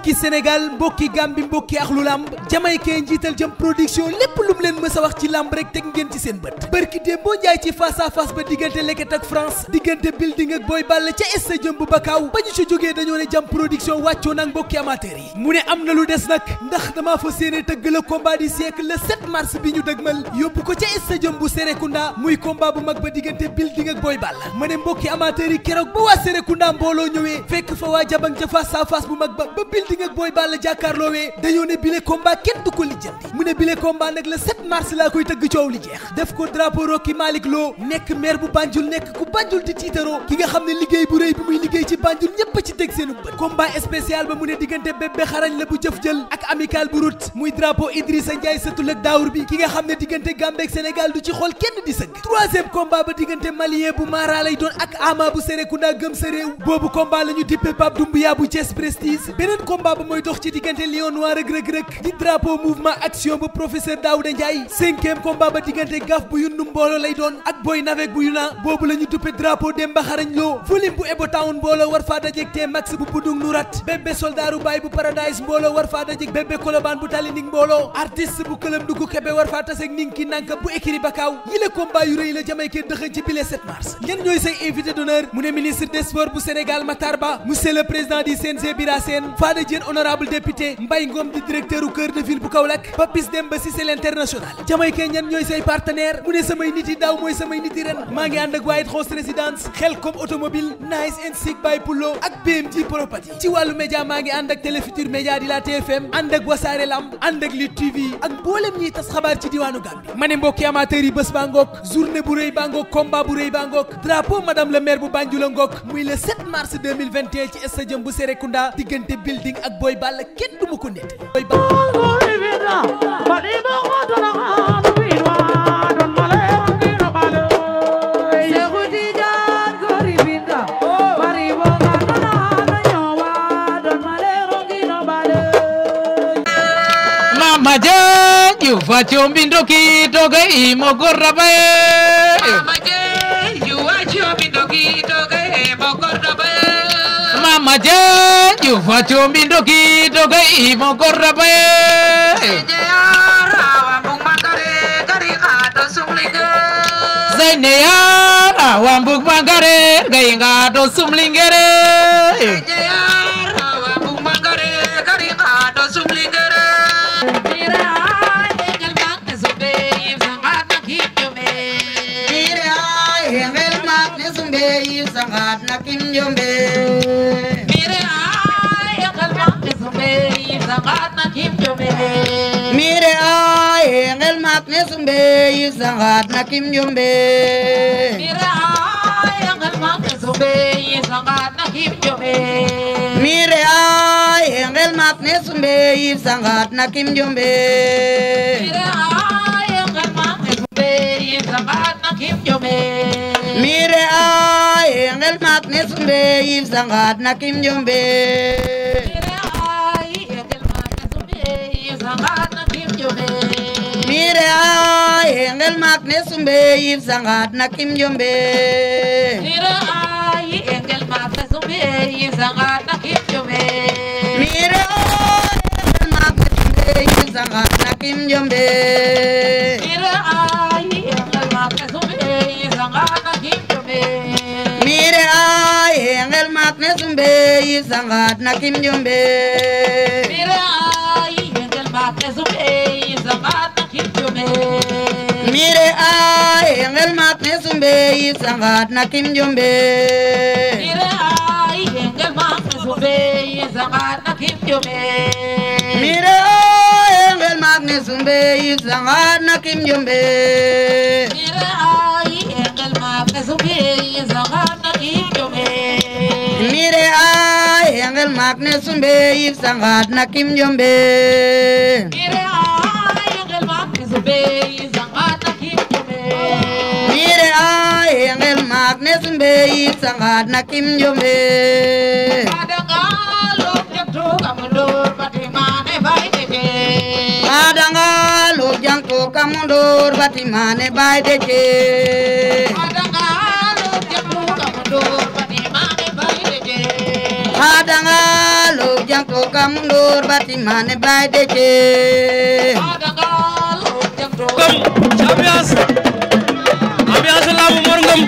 mbokki Sénégal mbokki Gambie mbokki axlu lamb jamaykee njiital jëm production lépp lu mu leen mës a wax ci lamb rek teg ngeen ci seen bët bërki dee boo jaay ci face à face ba diggante leket ak France diggante building ak booy bàll ca stadium bu Bakaaw ba ñu ci jógee dañoo ne jam production wàccoo nag mbokki amateur yi mu ne am na lu des nag ndax damaa fa séene tëgg la combat du siècle le 7 mars bi ñu dëgmal yóbbu ko ca stadium bu Serekunda muy combat bu mag ba diggante building ak booy bàll yi keroog ba waa Serekunda mbooloo fekk fa waa jabang ca face à ba ba building kenn du ko lijjanti mu ne bile combat nag le mars laa koy tëgg coow li jeex ko drapeau Rocky Malick nekk maire bu Banjul nekk ku Banjul di tiitaroo ki nga xam ne liggéey bu rëy bi muy liggéey ci Banjul ñépp ci teg seenu bët combat spécial ba mu ne diggante bébé xarañ la bu jëf jël ak amical bu rut muy drapeau Idrissa Ndiaye sëtul ak daawur bi ki nga xam ne diggante Gambie ak Sénégal du ci xool kenn di sëgg troisième combat ba diggante malien bu bu Serekunda gëm sa réew boobu combat la ñu dippee Pape Doumbouya bu drapeau mouvement action bu professeur Daouda Ndiaye cinquième combat ba diggante gaf bu yundu mbooloo lay doon ak boy navek bu yuna boobu la ñu duppe drapeau Demba Xarañ Lo volim bu Ebo Town mbooloo war faa dajeg tee max bu budung nurat bébé soldaaru baay bu paradise mbooloo war faa dajeg bébé kolobaan bu tali mbooloo artiste bu këlëm dugg kebe war faa taseg ning ki nanka bu ékiri bakaaw yile combat yu rëy la jamaykee dëxëñ ci bile mars ñen ñooy de ville bu Kaolack Papis Demba Cissé l'international jamaykee ñan ñooy say partenaire mu ne samay nit yi daaw mooy samay nit yi ren maa ngi ànd ak White House Residence Xelcom automobile Nice and Sick by Pullo ak BMG Property ci wàllu média maa ngi ànd ak Télé Futur di la TFM ànd ak Wasaare Lamb ànd ak Lutte TV ak mboolem ñiy tas xabaar ci diwaanu Gambie ma ne mbokki amateurs yi bés baa ngoog journée bu rëy baa ngoog combat bu rëy baa ngoog drapeau madame le a ngoog muy le 7 mars 2021 ci stade bu Serekunda diggante building ak Boy ma Mamajan, you fat your window key, dog, emo, maja jufa chumbi ndoki toka imo korra pa Zaine ya wambuk mangare gai ngato sumlingere mire aaye ngel maak ne sumbe yi sangat na kim jumbe mire aaye ngel maak ne sumbe yi sangat na kim jumbe mire aaye ngel maak ne sumbe yi sangat na kim jumbe mire aaye ngel maak ne sumbe yi sangat na kim jumbe mire aaye ngel maak ne sumbe yi sangat na kim jumbe mire a engel engel mak ne sumbe yif sangat na kim jombe mire ay ngel mat ne sumbe yi sangat na kim jombe mire ay ngel mat ne sumbe yi sangat na kim jombe mire ay ngel mat ne sumbe yi sangat na kim jombe mire ay ngel mat ne sumbe yi sangat na kim jombe mire ay fel maak ne sumbe yif sangaat na kim jombe mire ay ngel maak ne sumbe yif sangaat na kim jombe mire ay ngel maak ne sumbe yif sangaat na kim jombe madanga lok jaktu kamundo batimane bay deje madanga lok jaktu kamundo batimane bay deje kam ndoor bati maane baay dece kom ambiance ambiance laamu Mor Ngom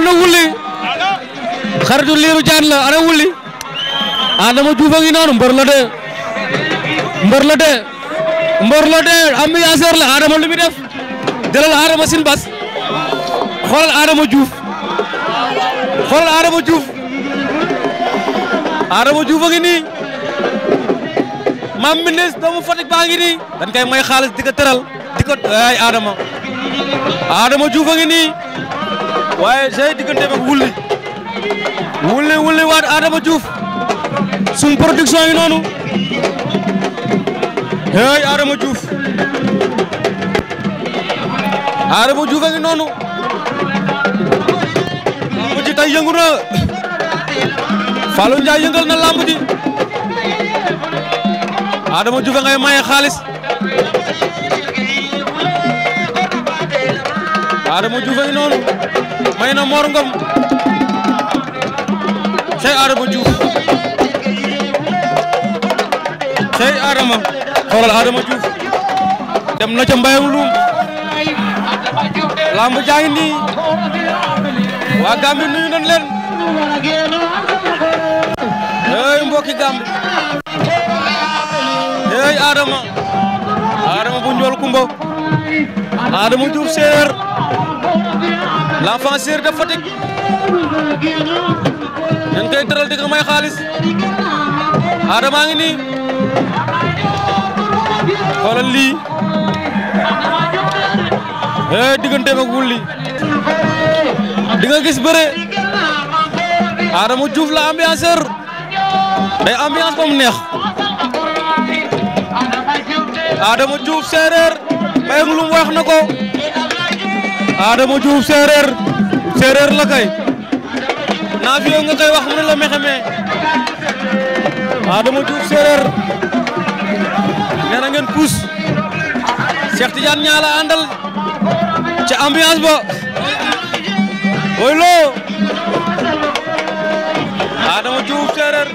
ana wulli xaritu liiru jaan la ana Adama Diouf noonu mbër la de mbër la la Adama lu muy def jëlal Adama sin bas xoolal Adama Diouf xoolal Adama Diouf Adama Diouf a ngi doomu Fatick baa ngi nii dañ may xaalis di ko tëral ay Adama Adama Diouf a waaye Zey diggante ak wulli wulli wulli waat Adama Diouf suñ production yi noonu hey Adama Diouf Adama Diouf a ngi noonu lamb ji tey yëngu na Fallou Ndiaye yëngal na lamb ji Adama Diouf a ngay maye xaalis Adama Diouf a ngi noonu may na Mor Ngom cey Adama Diouf cey Adama xoolal Adama Diouf dem na ca mbayam luum lamb jaa ngi nii waa Gambie nuyu nañ leen hey mbokki Gambie hey Adama Adama bu njool kumba Adama Diouf séeréer l'enfant chéri de Fatick ñu ngi koy tëral di ko may xaalis Adama ngi nii xoolal lii eh digganteem ak wulli di nga gis bëre Adama Diouf la ambianceur day ambiance ba mu neex Adama Diouf séeréer mbéyum lu mu wax na ko. Adama Diouf séeréer séeréer la kay Nafio nga koy wax mu ne la mexeme Adama Diouf séeréer nee na ngeen puus Cheikh Tidiane Niang la ca ambiance ba Boy Lo Adama Diouf séeréer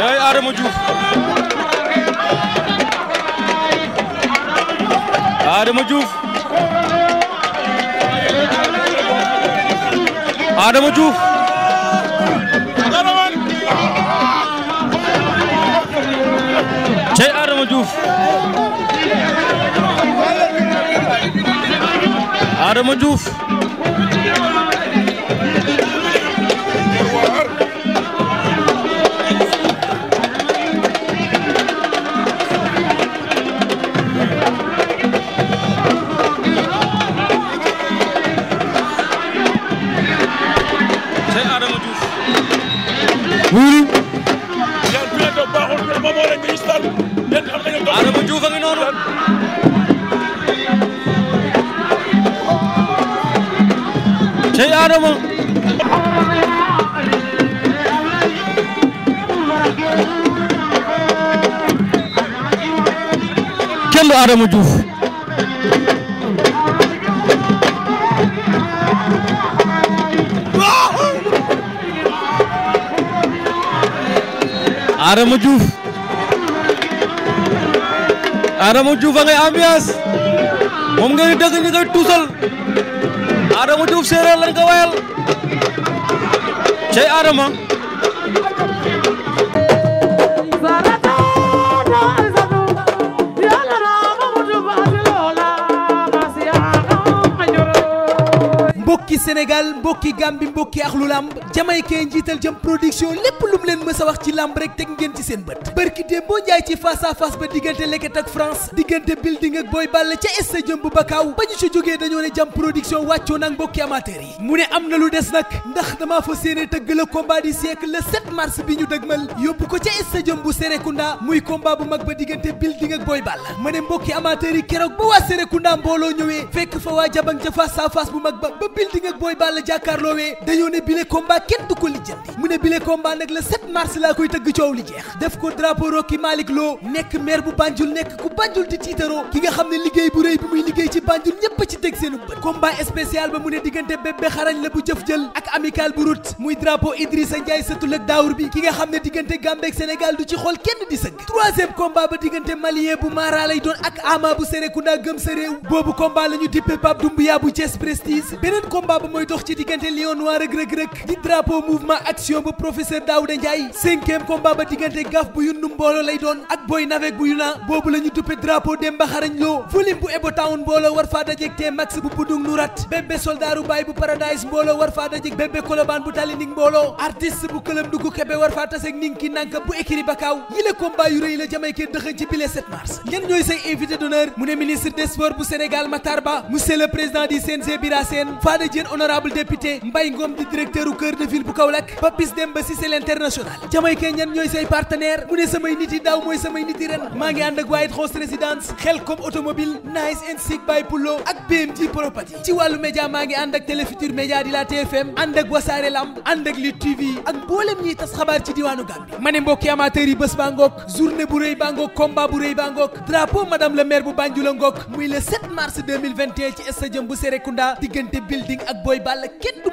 yooyu Adama Diouf Adama Diouf Adama Diouf cey Adama Diouf Adama Diouf cey Adama kenn du Adama Diouf Adama Diouf Adama Diouf a ngay ambiance moom ngay dëgg ñu ngay tuusal Adama Diouf séeréer lan nga wayal cey Adama mbokki Sénégal mbokki Gambie mbokki axlu lamb jamaïcain njiital jëm production lépp lu mu leen mës a wax ci lamb rek teg ngeen ci seen bët bërki déem boo njaay ci face à face ba diggante leket ak France diggante building ak Boy Balla ca stadium bu Bakaaw ba ñu ci jógee dañoo ne jam production wàccoo nag mbokki amateur yi mu ne am na lu des nag ndax damaa fa séene tëgg la combat du siècle le 7 mars bi ñu dëgmal yóbbu ko ca stadium bu Serekunda muy combat bu mag ba diggante building ak Boy ma ne mbokki yi keroog ba waa Serekunda mbooloo ñëwee fekk fa ba ba building ak kenn du ko lijjanti mu ne bile combat nag le 7 mars laa koy tëgg coow li jeex def xam ne liggéey bu rëy bi muy liggéey ci Banjul ñépp ci teg seenu bët combat spécial ba mu ne diggante bébé xarañ la bu jëf jël ak amical bu rut muy drapeau Idrissa Ndiaye sëtul ak daawur bi ki nga xam ne diggante Gambie ak Sénégal du ci xool kenn di sëgg troisième combat ba diggante malien bu Mara lay doon ak Ama bu Serekunda gëm sa boobu combat la ñu dippe Pape bu Thiès Prestige beneen combat ba mooy dox ci diggante Lion Noir ak Reug Reug di drapeau mouvement action bu professeur Daouda Ndiaye cinquième combat ba diggante gaf bu yundum mbooloo lay doon ak boy navek bu yuna boobu la ñu duppe drapeau Demba Xarañ Lo volim bu Ebo Town mbooloo war faa dajeg tee max bu Budung Nurat bébé soldaru baay bu Paradise mbooloo war faa dajeg bébé kolobaan bu tali mbooloo artiste bu këlëm dugg kebe war faa taseeg ning ki nanka bu ékiri bakaaw yile combat yu rëy la jamaykeen dëxañ ci bile mars ñen ñooy de ville bu Kaolack ba bis dem ba si c'est l'international jamaykee ñan ñooy say partenaire mu ne samay nit yi daaw mooy samay nit yi ren maa ngi ànd ak White House Residence Xelcom automobile Nice and Sick by ak BMG Property ci wàllu média maa ngi ànd ak Télé Futur di la TFM ànd ak Wasaare Lamb ànd ak Lutte TV ak mboolem ñiy tas xabaar ci diwaanu Gambie ma ne mbokki amateurs yi bés baa ngoog journée bu rëy baa ngoog combat bu rëy baa ngoog drapeau madame le maire bu Banjul a bu Serekunda diggante building ak Boy Balla kenn du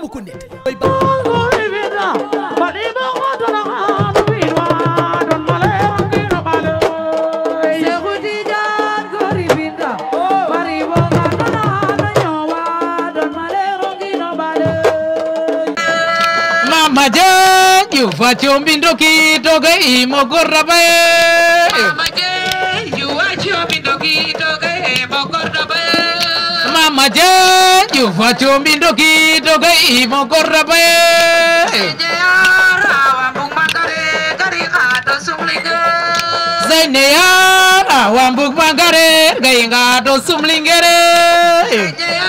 wache ombindo kitoge imogorrabe mama je you wache ombindo kitoge eh, imogorrabe eh. mama je you wache ombindo kitoge imogorrabe ne yara wambuk mangare gainga dosum lingere